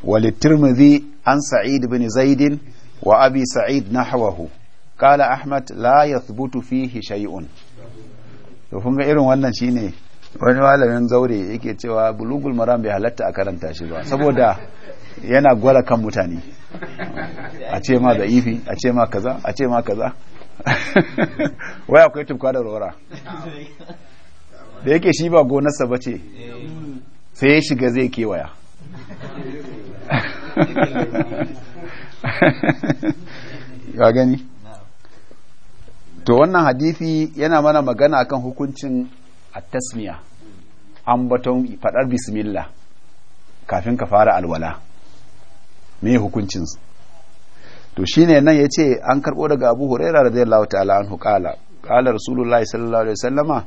وللترمذي عن سعيد بن زيد وأبي سعيد نحوه قال أحمد لا يثبت فيه شيء kun ga irin wannan shine wani malamin zaure yake cewa bulugul maram bai halatta a karanta shi ba saboda yana gwara kan mutane a ce ma da ifi a ce ma kaza a ce ma kaza wai akwai tukwa da rora da yake shi ba gonarsa ba ce sai ya shiga zai kewaya ya gani to wannan hadithi yana mana magana akan hukuncin a tasmiya ambaton faɗar bismillah kafin ka fara alwala me hukuncin to shine nan ya ce an karɓo daga abu huraira radiyallahu ta'ala anhu kala kala rasulullahi sallallahu alaihi wasallama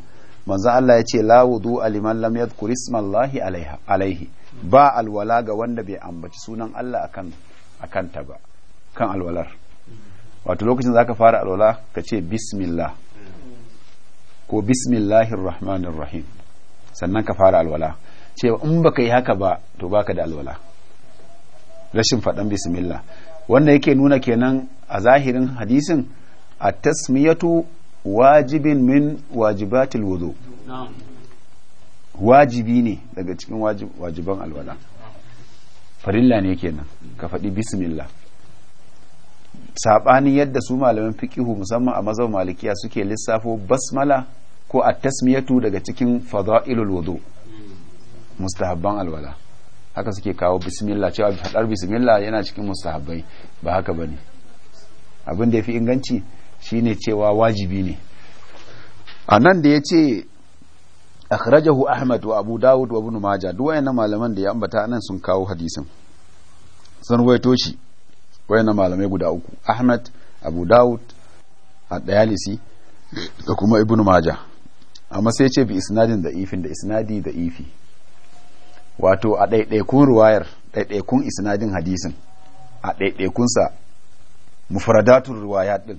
manzo Allah ya ce la wudu aliman lam yadhkur ismallahi alaihi ba alwala ga wanda bai ambaci sunan Allah akan akan ta ba kan alwalar wato lokacin zaka fara alwala ka ce bismillah ko bismillahir rahmanir rahim sannan ka fara alwala cewa in baka yi haka ba to baka da alwala rashin faɗan bismillah wanda yake nuna kenan a zahirin hadisin a tasmiyatu wajibin min wajibatil wudu wajibi ne daga cikin wajiban alwala farilla ne kenan ka faɗi bismillah saɓanin yadda su malaman fikihu musamman a mazau malikiya suke lissafo basmala ko a tasmiyatu daga cikin fada'ilul wudu mustahabban alwala haka suke kawo bismillah cewa fadar bismillah yana cikin mustahabbai ba haka bane abin da yafi inganci shine cewa wajibi ne anan nan da yace akhrajahu ahmad wa abu dawud wa ibn majah duk wayannan malaman da ya ambata nan sun kawo hadisin sun ruwaito shi wayannan malamai guda uku ahmad abu dawud a dayalisi da kuma ibn majah amma sai ce bi isnadin da ifin da isnadi da ifi wato a ɗaiɗaikun ruwayar ɗaiɗaikun isnadin hadisin a ɗaiɗaikunsa mufradatun ruwaya ɗin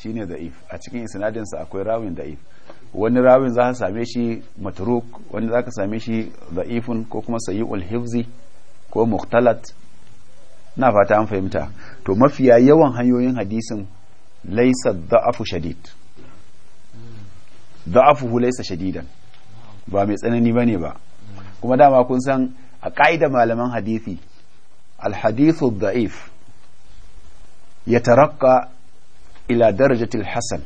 shine da if a cikin isnadinsa akwai rawin da wani rawin za ka same shi matruk wani za ka same shi da'ifin ko kuma sayi'ul hifzi ko muktalat na fata an fahimta to mafiya yawan hanyoyin hadisin laisa da'afu shadid da'afuhu laysa shadidan ba mai tsanani bane ba kuma dama kun san a ƙa'ida malaman hadisi alhadisu da'if ya tarakka ila darajatil hasan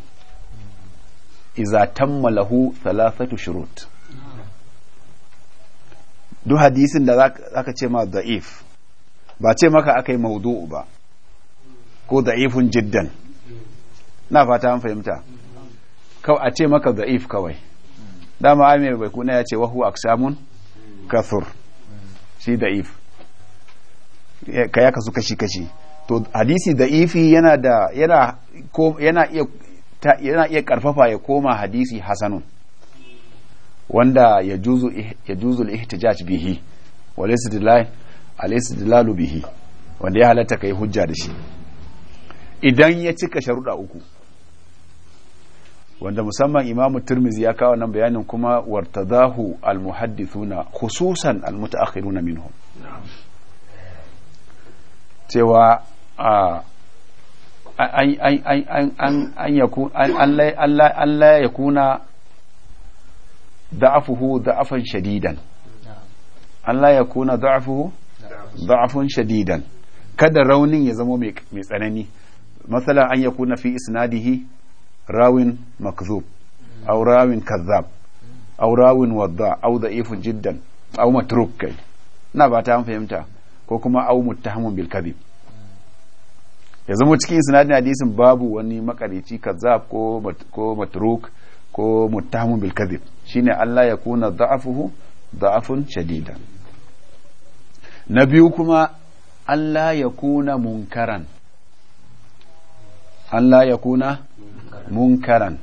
iza tamma lahu thalathatu shurut duk hadisin da zaka ce ma da'if ba ce maka aka yi maudu'u ba ko da'ifun jiddan na fata an fahimta a ce maka za'if kawai dama ai bai kuna ya ce wahu aksamun kathur shi da'if ka ya kasu kashi kashi to hadisi da'ifi yana da yana iya ƙarfafa karfafa ya koma hadisi hasanun wanda ya juzu ihtijaj bihi wal bihi wanda ya halatta kai hujja da shi idan ya cika sharuɗa uku wanda musamman imamu turmizi ya kawo nan bayanin kuma wartadahu almuhaddithuna khususan almutaakhiruna minhum cewa an ya kuna da'afuhu da'afan shadidan an ya kuna da'afuhu da'afun shadidan kada raunin ya zama mai tsanani مثلا أن يكون في إسناده rawin مكذوب أو راو كذاب أو jiddan وضاع أو ضعيف جدا أو متروك كي نباتا فهمتا كوكما أو متهم بالكذب yanzu mu cikin sinadin hadisin babu wani makarici kazzab ko matruk ko muttahamun bil kadhib shine Allah ya kuna da'afuhu da'afun shadida na biyu kuma Allah ya kuna munkaran an la ya kuna munkaran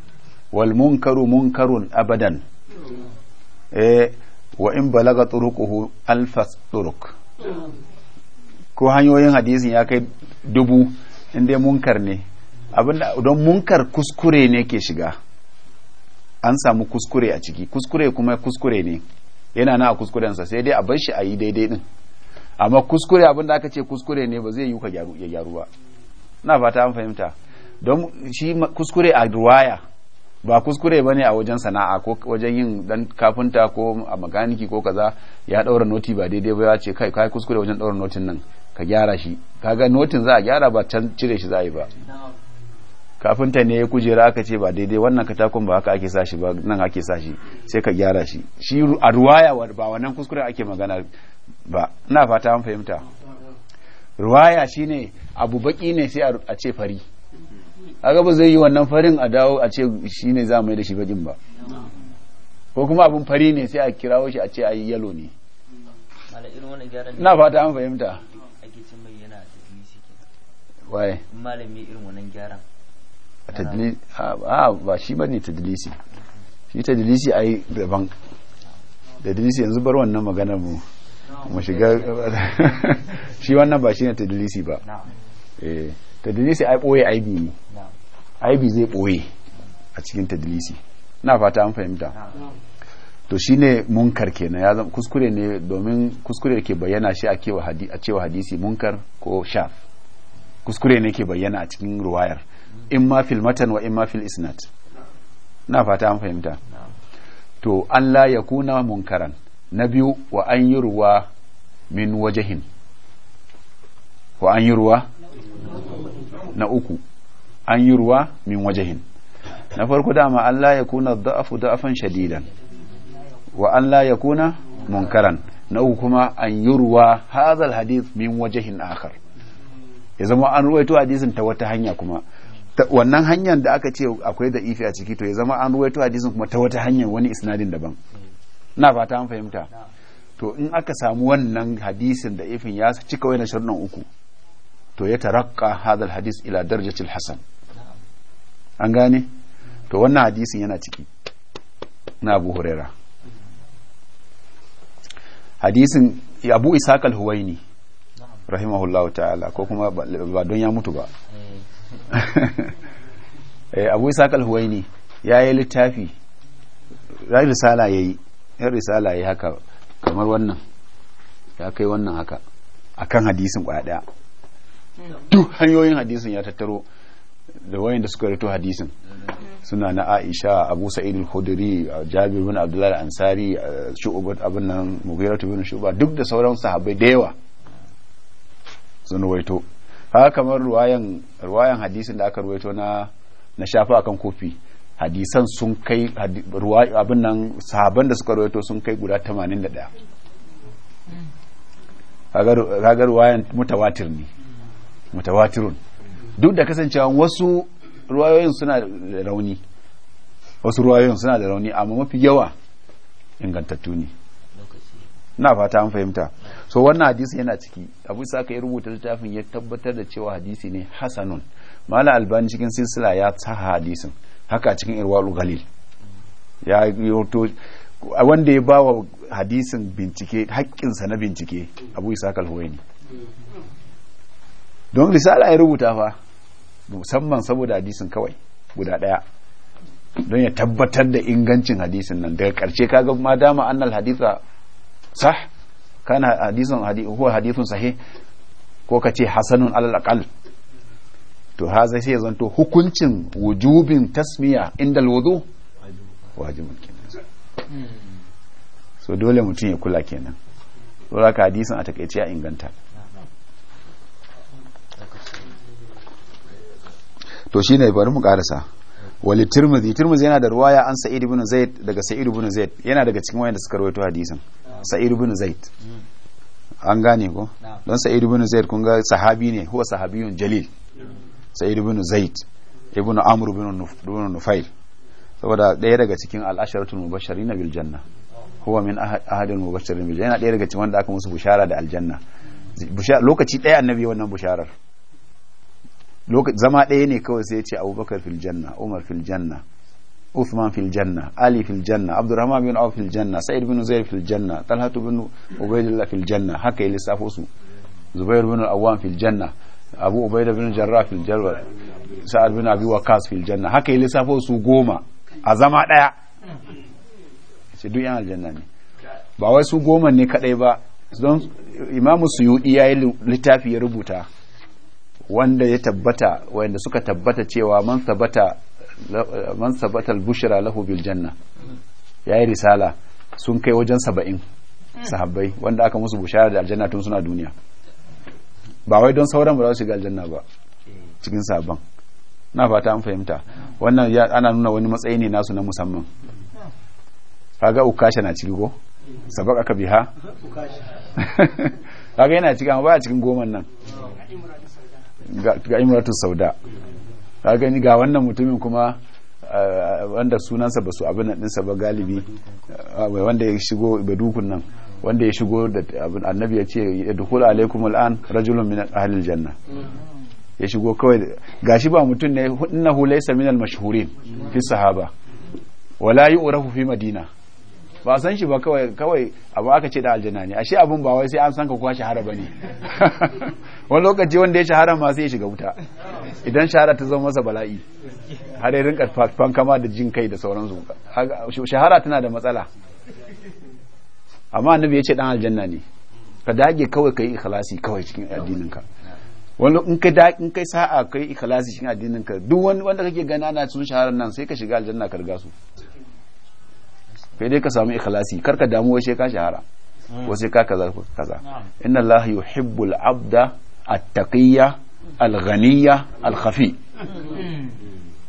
wal munkaru munkarun abadan eh wa in balaga turuquhu alfas turuq ko hanyoyin hadisin ya kai dubu inda munkar ne abinda don munkar kuskure ne ke shiga an samu kuskure a ciki kuskure kuma kuskure ne yana na a kuskurensa sai dai a bar shi a yi daidai din amma kuskure abinda aka ce kuskure ne ba zai yi ka ya gyaru ba na fata an fahimta don shi kuskure a ruwaya ba kuskure ba ne a wajen sana'a ko wajen yin dan kafinta ko a makaniki ko kaza ya daura noti ba daidai ba ya ce kai kai kuskure wajen daura notin nan ka gyara shi kaga notin za a gyara ba can cire shi za a yi ba kafinta ne ya kujera aka ce ba daidai wannan katakon ba haka ake sa shi ba nan ake sa shi sai ka gyara shi shi a ruwaya ba wannan kuskure ake magana ba ina fata an fahimta ruwaya shine abu baki ne sai a ce fari kaga ba zai yi wannan farin a dawo a ce shi ne za mu yi da shi bakin ba ko kuma abin fari ne sai a kirawo shi a ce a yi yalo ne na fata an fahimta waye malami irin wannan gyaran a ba shi bane tadlisi shi tadlisi ai daban tadlisi yanzu bar wannan maganar mu mu shiga shi wannan ba shi ne tadilisi ba eh tadilisi ai boye aibi ne aibi zai boye a cikin tadilisi na fata an fahimta to shine munkar kenan ya zama kuskure ne domin kuskure ke bayyana shi a cewa hadisi munkar ko shaf kuskure ne ke bayyana a cikin ruwayar mm. in ma fil matan wa in ma fil isnad na fata an fahimta to an la ya kuna munkaran na biyu wa an yi ruwa min wajahin wa an yi ruwa na uku an yi ruwa min wajahin na farko dama an la yakuna da'afu da'afan shadidan wa an la yakuna munkaran na uku kuma an yi ruwa hadal hadith min wajahin akhar ya zama an ruwaito hadisin ta wata hanya kuma wannan hanyar da aka ce akwai da ifi a ciki to ya zama an ruwaito hadisin kuma ta wata hanya wani isnadin daban na fata an fahimta to in aka samu wannan hadisin da ifin ya cika wani sharuɗan uku to ya tarakka hadal hadis ila darjatil hasan an gane to wannan hadisin yana ciki na abu huraira hadisin abu ishaq al-huwaini rahimahullah ta'ala ko kuma ba don ya mutu ba eh, abu ishaq al-huwaini ya yi littafi ya risala ya yi ya risala ya yi haka kamar wannan ya kai wannan haka akan hadisin kwaya daya duk hanyoyin hadisin ya tattaro da wayan da suka rito hadisin suna na Aisha Abu Sa'id al-Khudri Jabir bin Abdullah al-Ansari Shu'bat abin nan Mughirah bin Shu'bah duk da sauran sahabbai da yawa sun ruwaito haka kamar ruwayan ruwayan hadisin da aka ruwaito na na shafa akan kofi hadisan sun kai abin nan sahaban da suka ruwaito sun kai guda 81 kaga ruwayan mutawatir ne mutawatirun duk da kasancewa wasu ruwayoyin suna da rauni wasu ruwayoyin suna da rauni amma mafi yawa ingantattu ne na fata an fahimta so wannan hadisi yana ciki abu isa ka yi rubuta littafin ya tabbatar da cewa hadisi ne hasanun malam albani cikin silsila ya tsaha hadisin haka cikin irwalu galil ya hoto wanda ya bawa hadisin bincike haƙƙinsa na bincike abu isa ne don risala ya rubuta fa musamman saboda hadisin kawai guda daya don ya tabbatar da ingancin hadisin nan daga karshe kaga ma dama annal haditha sah kana hadisin huwa hadithun sahih ko ka ce hasanun alal aqal to haza sai zanto hukuncin wujubin tasmiya inda alwudu wajibun kenan so dole mutum ya kula kenan saboda hadisin a takaice ya inganta to shine bari mu karasa wali tirmidhi tirmidhi yana da ruwaya an sa'id ibn zaid daga sa'id ibn zaid yana daga cikin wayanda suka rawaito hadisin sa'id ibn zaid an gane ko don sa'id ibn zaid kun ga sahabi ne huwa sahabiyun jalil sa'id ibn zaid ibn amr ibn nufail saboda daya daga cikin al-asharatul mubashirin bil janna huwa min ahadil mubashirin bil janna daya daga cikin wanda aka musu bushara da aljanna lokaci daya annabi wannan busharar zama ɗaya ne kawai sai ya ce abubakar fil janna umar fil janna uthman fil janna ali fil janna abdurrahman bin Awa fil janna sa'id bin zaid fil janna talhat bin ubaydullah fil janna haka ya lissafo su zubair bin awwam fil janna abu ubaida bin jarrah fil jarrah sa'ad bin abi waqas fil janna haka ya lissafo su goma a zama ɗaya ce duk yan aljanna ne ba wai su goma ne kadai ba don imamu suyudi ya yi littafi ya rubuta wanda ya tabbata wanda suka tabbata cewa man sabata man sabata al-bushra lahu bil janna yayi risala sun kai wajen saba'in sahabbai wanda aka musu bushara da aljanna tun suna duniya ba wai don sauran ba za su shiga aljanna ba cikin sabon na fata an fahimta wannan ana nuna wani matsayi ne nasu na musamman kaga ukasha na ciki ko sabak aka biha kaga yana ciki amma ba cikin goman nan ga imratu sauda ka gani ga wannan mutumin kuma eh, wanda sunansa ba su abin nan ɗinsa ba galibi eh, wanda ya shigo badukun nan wanda ya shigo da annabi ya ce ya dukula alaikum al'an rajulun min ahlil janna ya shigo kawai gashi ba mutum ne innahu laysa min al-mashhurin fi sahaba wala yu'rafu fi madina ba san shi ba kawai kawai aka ce da aljanna ne ashe abin ba wai sai an san ka kwa shahara ne. wani lokaci wanda ya shahara masu ya shiga wuta idan shahara ta zama masa bala'i har ya rinka fankama da jin kai da sauransu shahara tana da matsala amma annabi ya ce dan aljanna ne ka dage kawai kai ikhlasi kawai cikin addininka wani in ka in kai sa'a kai ikhlasi cikin addininka duk wani wanda kake gana na sun shaharar nan sai ka shiga aljanna ka riga su kai dai ka samu ikhlasi kar ka damu wai sai ka shahara ko sai ka kaza kaza inna allaha yuhibbul abda attaqiyya alghaniya alkhafi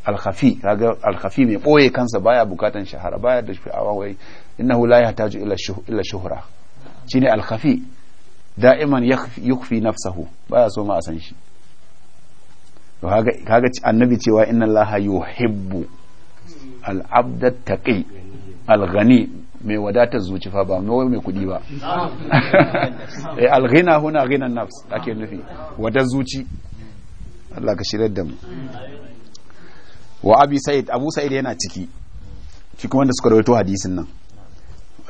alkhafi kaga alkhafi mai boye kansa baya bukatan shahara baya da sha'awa wai innahu la yahtaju ila ila shuhra shine alkhafi da'iman yukhfi nafsahu baya so ma a san shi to kaga annabi cewa inna allaha yuhibbu al taqi al mai wadatar zuci fa ba mai kudi ba eh, alghina huna ghina nafs ake nufi wadar zuci Allah ka shirar da mu wa abi sa'id abu sa'id yana ciki cikin wanda suka rawaito hadisin nan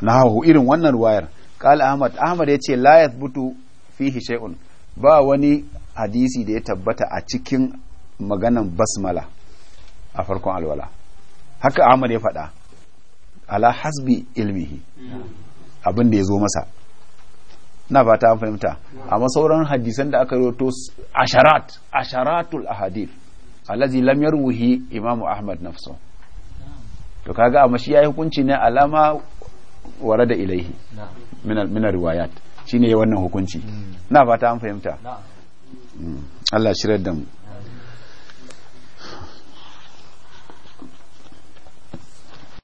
na hawo irin wannan ruwayar qala ahmad ahmad ya ce la yathbutu fihi shay'un ba wani hadisi da ya tabbata a cikin maganan basmala a farkon alwala haka ahmad ya faɗa ala hasbi ilmihi abin da ya zo masa na fata an fahimta amma sauran hadisan da aka roto asharat asharatul ahadith Alazi lam yarwihi imamu ahmad nafsu to kaga amma shi yayi hukunci ne alama da ilaihi min riwayat shine wannan hukunci hmm. na fata an fahimta hmm. Allah shirar da mu